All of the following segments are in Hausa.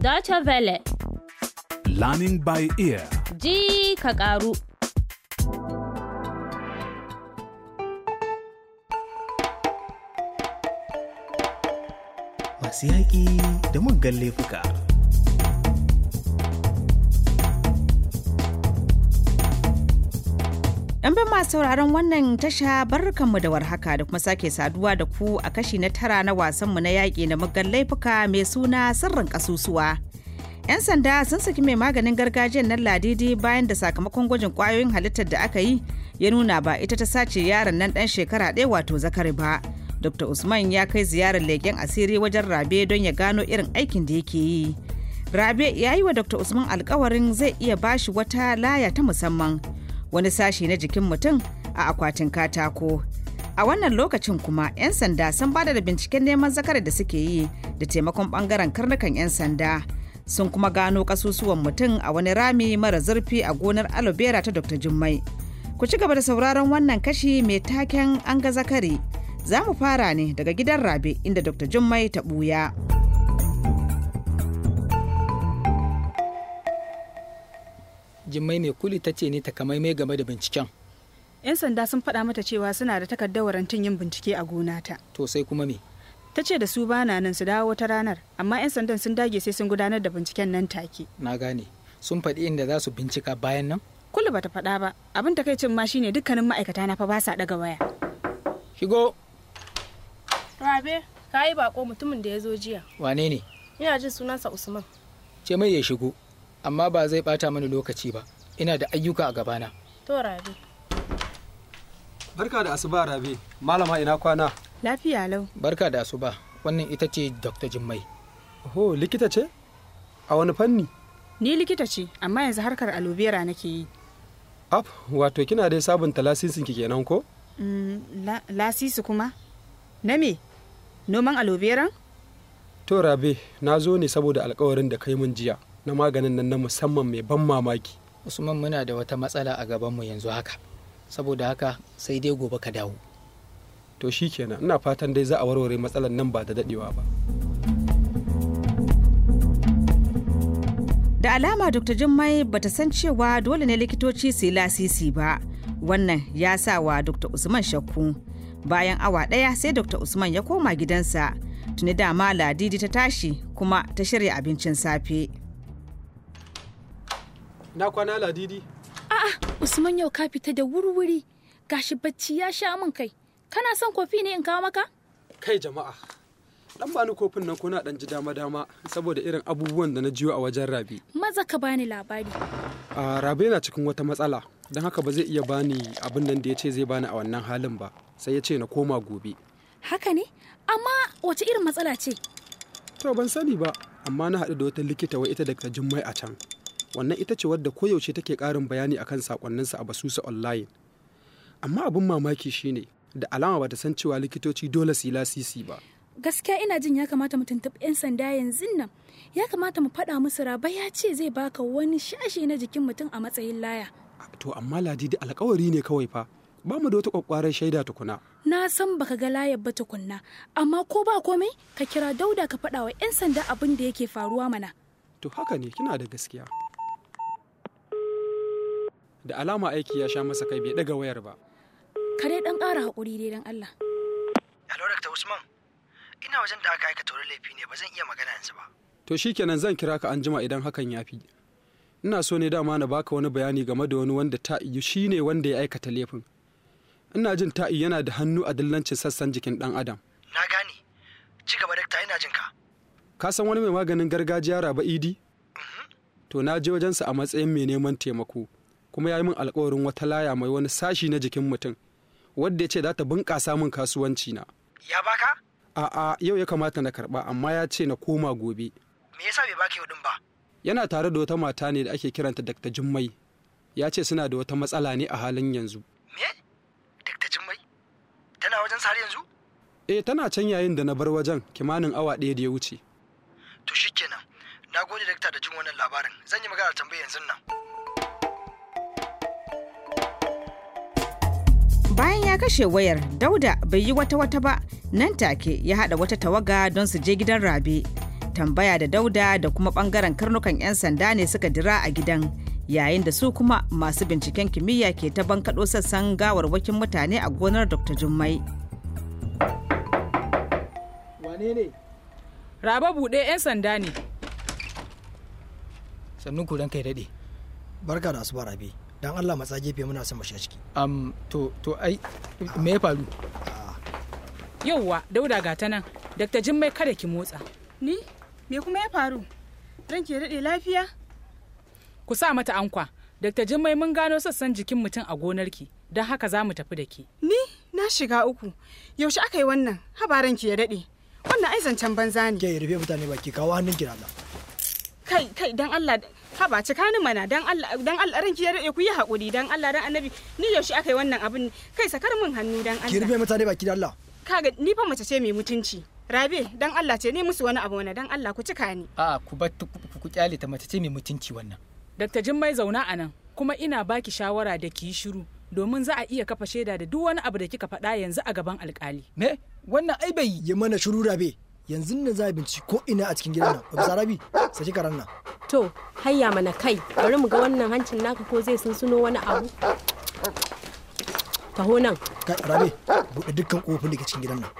Deutsche Welle. Learning by ear. Ji ka karu. Masu yaƙi da muggan laifuka. Ɗanbin masu sauraron wannan tasha barkanmu da warhaka da kuma sake saduwa da ku a kashi na tara na wasanmu na yaƙi na mugan laifuka mai suna sirrin ƙasusuwa. 'Yan sanda sun saki mai maganin gargajiyar nan ladidi bayan da sakamakon gwajin ƙwayoyin halittar da aka yi ya nuna ba ita ta sace yaron nan ɗan shekara ɗaya wato zakari ba. Dr. Usman ya kai ziyarar leƙen asiri wajen Rabe don ya gano irin aikin da yake yi. Rabe ya yi wa Dr. Usman alkawarin zai iya bashi wata laya ta musamman wani sashi na jikin mutum a akwatin katako a wannan lokacin kuma 'yan sanda sun bada da binciken neman zakar da suke yi da taimakon bangaren karnukan 'yan sanda sun kuma gano kasusuwan mutum a wani rami mara zurfi a gonar aloe ta dr jummai ku ci gaba da sauraron wannan kashi mai taken an ga zakari za mu fara ne daga gidan rabe inda dr jummai ta ɓuya jimmai mai kuli ta ce ne takamaimai game da binciken 'yan sanda sun faɗa mata cewa suna da takardar warantin yin bincike a gonata to sai kuma me ta ce da su bana nan su dawo wata ranar amma 'yan sandan sun dage sai sun gudanar da binciken nan take na gane sun faɗi inda za su bincika bayan nan kullu bata faɗa ba abin takaicin ma shine dukkanin ma'aikata na fa ba sa daga waya shigo rabe ka yi bako mutumin da ya zo jiya wane ne ina jin sunansa usman ce mai ya shigo amma ba zai bata mani lokaci ba ina da ayyuka a gabana to rabe barka da asuba rabe malama ina kwana lafiya lau barka da asuba wannan ita ce dr jimmai oh likita ce a wani fanni ni likita ce amma yanzu harkar alobera nake yi af wato kina dai sabunta lasisin ki kenan ko mm, lasisi kuma na me noman alobera to rabe na zo ne saboda alkawarin da kai mun jiya na maganin nan na musamman mai ban mamaki usman muna da wata matsala a gaban mu yanzu haka saboda haka sai dai gobe ka dawo to shi kenan ina fatan dai za a warware matsalar nan ba da dadewa ba da alama dr jummai bata san cewa dole ne likitoci su yi lasisi ba wannan ya sa wa dr usman shakku bayan awa ɗaya sai dr usman ya koma gidansa tuni dama ladidi ta tashi kuma ta shirya abincin safe na kwana ladidi a'a usman yau ka fita da wurwuri shi bacci ya sha min kai kana son kofi ne in kawo maka kai jama'a dan bani kofin nan kuna dan ji dama dama saboda irin abubuwan da na jiyo a wajen rabi maza ka bani labari a rabi yana cikin wata matsala don haka ba zai iya bani abin nan da ya ce zai bani a wannan halin ba sai ya ce na koma gobe haka ne amma wace irin matsala ce to ban sani ba amma na haɗu da wata likita wai ita daga jummai a can sakonnan ita ce wadda koyaushe take karin bayani akan sakonninsa a basusa online amma abin mamaki shine da alama bata san cewa likitoci dole su lasisi ba gaskiya ina jin ya kamata mu tuntuɓi 'yan sanda yanzu nan ya kamata mu faɗa musu raba ya ce zai baka wani shashi na jikin mutum a matsayin laya to amma ladidi alkawari ne kawai fa ba mu da wata kwakwaran shaida tukuna na san baka ga layar ba tukunna amma ko ba komai ka kira dauda ka faɗa wa 'yan sanda abin da yake faruwa mana to haka ne kina da gaskiya da alama aiki ya sha masa kai bai daga wayar ba ka dai dan ƙara haƙuri dai dan Allah Hello Dr. Usman ina wajen da aka aikata wurin laifi ne ba zan iya magana yanzu ba to shikenan zan kira ka anjima idan hakan ya fi ina so ne dama na baka wani bayani game da wani wanda ta'iyu shine wanda ya aikata laifin ina jin ta'i yana da hannu a dillancin sassan jikin dan adam na gane ci gaba Dr. ina jin ka ka san wani mai maganin gargajiya raba idi mhm. to na je wajensa a matsayin mai neman taimako kuma ya yi min alkawarin wata laya mai wani sashi na jikin mutum wadda ya ce za ta bunƙasa min kasuwanci na. Ya baka? A'a yau ya kamata na karɓa amma ya ce na koma gobe. Me yasa bai baki yau ba? Yana tare da wata mata ne da ake kiranta Dr. Jummai. Ya ce suna da wata matsala ne a halin yanzu. Me? Dr. Jummai? Tana wajen har yanzu? Eh tana can yayin da na bar wajen kimanin awa ɗaya da ya wuce. To shikenan. Na gode Dr. da jin wannan labarin. Zan yi magana tambayar yanzu nan. bayan ya kashe wayar dauda bai yi wata wata ba nan take ya hada wata tawaga don su je gidan rabe tambaya da dauda da kuma bangaren karnukan 'yan sanda ne suka dira a gidan yayin da su kuma masu binciken kimiyya ke ta bankaɗo sassan gawar wakin mutane a gonar dr jummai raba buɗe 'yan sanda ne sannu kudan kai daɗe barka da asuba rabi dan Allah matsa gefe muna son mashi ciki um to to ai me ya faru yauwa dauda ga ta nan dr jimmai kada ki motsa ni me kuma ya faru ran ke daɗe lafiya ku sa mata ankwa dr jimmai mun gano sassan jikin mutum a gonarki don haka za mu tafi da ke ni na shiga uku yaushe aka yi wannan habaran ki ya daɗe wannan ai zancen banza ne ke rufe mutane baki kawo hannun ki na kai kai dan Allah ba cika ni mana dan Allah dan Allah ranki ya rade ku yi hakuri dan Allah dan annabi ni yaushe aka yi wannan abin kai sakar min hannu dan Allah ki rufe mutane baki da Allah kaga ni fa mace ce mai mutunci Rabe dan Allah ce ne musu wani abu wani dan Allah ku cika ni a ku bar ku kyale ta mace ce mai mutunci wannan Dr. Jimmai zauna a nan kuma ina baki shawara da ki shiru domin za a iya kafa shaida da duk wani abu da kika faɗa yanzu a gaban alkali me wannan ai bai yi mana shiru rabe yanzu ne za a binci ko ina a cikin gidan nan ba rabi saki karan nan to hayya mana kai bari mu ga wannan hancin naka ko zai sunsuno wani abu taho nan kai rabe buɗe dukkan kofin da ke cikin gidan nan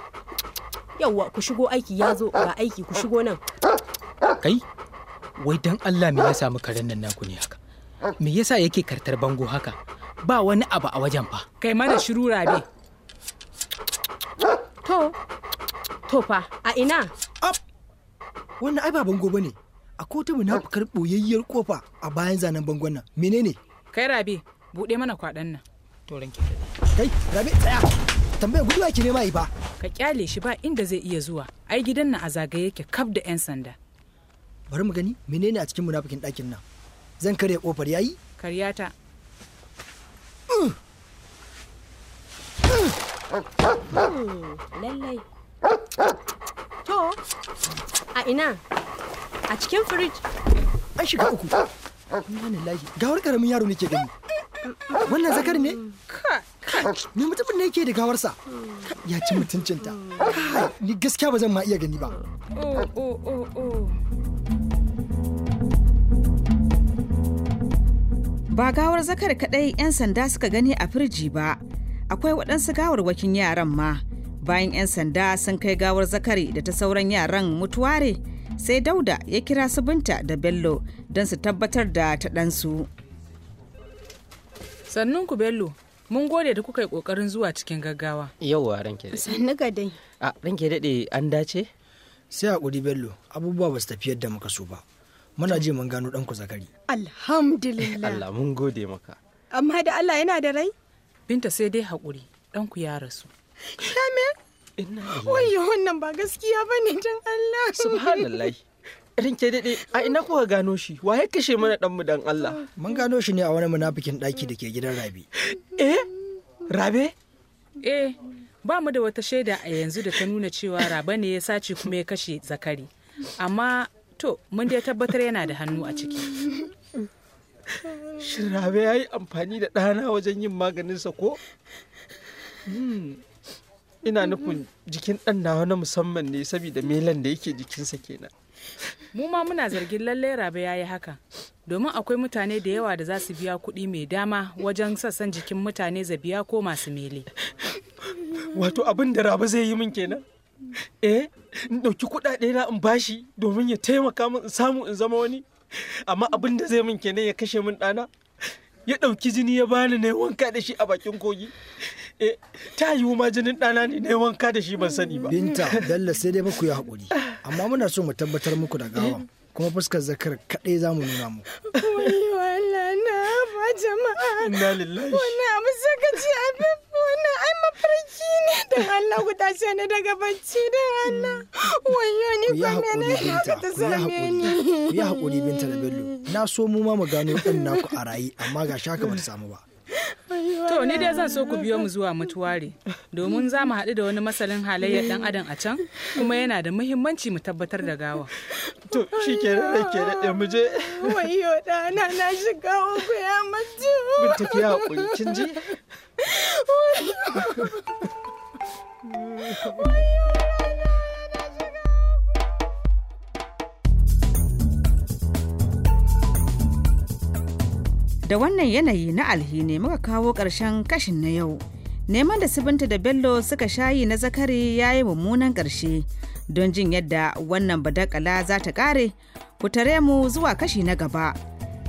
yawwa ku shigo aiki ya zo ga aiki ku shigo nan kai wai dan Allah me ya samu karen nan naku ne haka me yasa yake kartar bango haka ba wani abu a wajen fa kai mana shiru rabe to tofa a ina? Ab! Wannan ai ba bango ne A kota munafukar boyayyar kofa a bayan zanen bangon nan. Menene? Kai Rabi, bude mana kwaɗan nan. To ranke. Kai, Rabi tsaya. Tambayar gudu ake nema yi ba. Ka kyale shi ba inda zai iya zuwa. Ai gidan nan a zagaye yake kaf da 'yan sanda. Bari mu gani menene a cikin munafukin ɗakin nan. Zan karya kofar yayi? Karyata. Mm. Mm. Lallai Oh. a ina? A cikin firij? An shiga uku. Subhanallahi, gawar karamin yaro nake gani. Wannan zakar ne? Ni mutumin ne yake da gawarsa. Ya ci mutuncinta. Ni gaskiya ba zan ma iya gani ba. Oh, oh, ba gawar zakar kadai 'yan sanda suka gani a firji ba, akwai waɗansu gawarwakin yaran ma. bayan 'yan sanda sun kai gawar zakari da ta sauran yaran mutuware sai dauda ya kira su binta da bello don su tabbatar da ta ɗansu sannun ku bello mun gode da kuka yi ƙoƙarin zuwa cikin gaggawa yauwa ranke daɗe sannu ga dai a ranke dai an dace sai hakuri bello abubuwa ba su tafi yadda muka so ba muna je mun gano ɗanku zakari alhamdulillah allah mun gode maka amma da allah yana da rai binta sai dai haƙuri ɗanku ya rasu Kame? Wayyo wannan ba gaskiya ba ne don Allah. Subhanallah. Rinke daɗe, a ina kuka gano shi, wa ya kashe mana ɗanmu dan Allah? Mun gano shi ne a wani munafikin ɗaki da ke gidan Rabi. Eh? Rabe? Eh, ba mu da wata shaida a yanzu da ta nuna cewa Rabe ne ya sace kuma ya kashe Zakari. Amma to, mun dai tabbatar yana da hannu a ciki. Shin Rabe ya yi amfani da ɗana wajen yin maganinsa ko? Hmm. ina nufin jikin ɗan nawa na musamman ne saboda melan da yake jikinsa kenan mu ma muna zargin lallai rabe ya yi haka domin akwai mutane da yawa da za su biya kuɗi mai dama wajen sassan jikin mutane zabiya ko masu mele wato abin da rabe zai yi min kenan eh in ɗauki kuɗaɗe na in bashi domin ya taimaka min in samu in zama wani amma abin da zai min kenan ya kashe min ɗana ya ɗauki jini ya bani ne wanka da shi a bakin kogi Eh, ta yiwu ma jinin ɗana ne na wanka da shi ban sani ba binta dalla sai dai muku yi haƙuri amma muna so mu tabbatar muku da gawa kuma fuskar zakar kaɗai za mu nuna mu jama'a na lillahi abu sakaci a abin na ai mafarki ne don Allah ku tashi ni daga bacci don Allah wayo ni kuma ne haka ta zame ni ku haƙuri binta da bello na so mu ma mu gano ɗan naku a rayu amma ga shaka ba ta samu ba To ni dai zan so ku biyo mu zuwa mutuware domin za mu haɗu da wani masalin halayyar ɗan adam a can kuma yana da muhimmanci mu tabbatar da gawa. To shi ke da ke da mu je. Wayo ɗana na gawa ku ya mutu. Mun tafi a ji? Wayo. da wannan yanayi na alhine muka kawo ƙarshen kashin na yau neman da Sibinta da bello suka shayi na zakari ya yi mummunan ƙarshe don jin yadda wannan badakala za ta ƙare ku tare mu zuwa kashi na gaba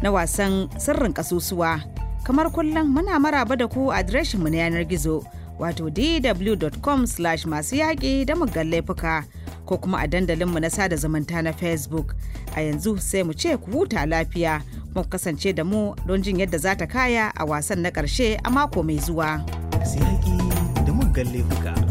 na wasan sirrin ƙasusuwa kamar kullum muna maraba da ku adireshinmu na yanar gizo wato dw.com slash masu yaƙi da muggan laifuka ko kuma a dandalinmu na sada zumunta na facebook a yanzu sai mu ce ku huta lafiya muku kasance da mu don jin yadda za ta kaya a wasan na ƙarshe a mako mai zuwa. Siyaki da muggan laifuka.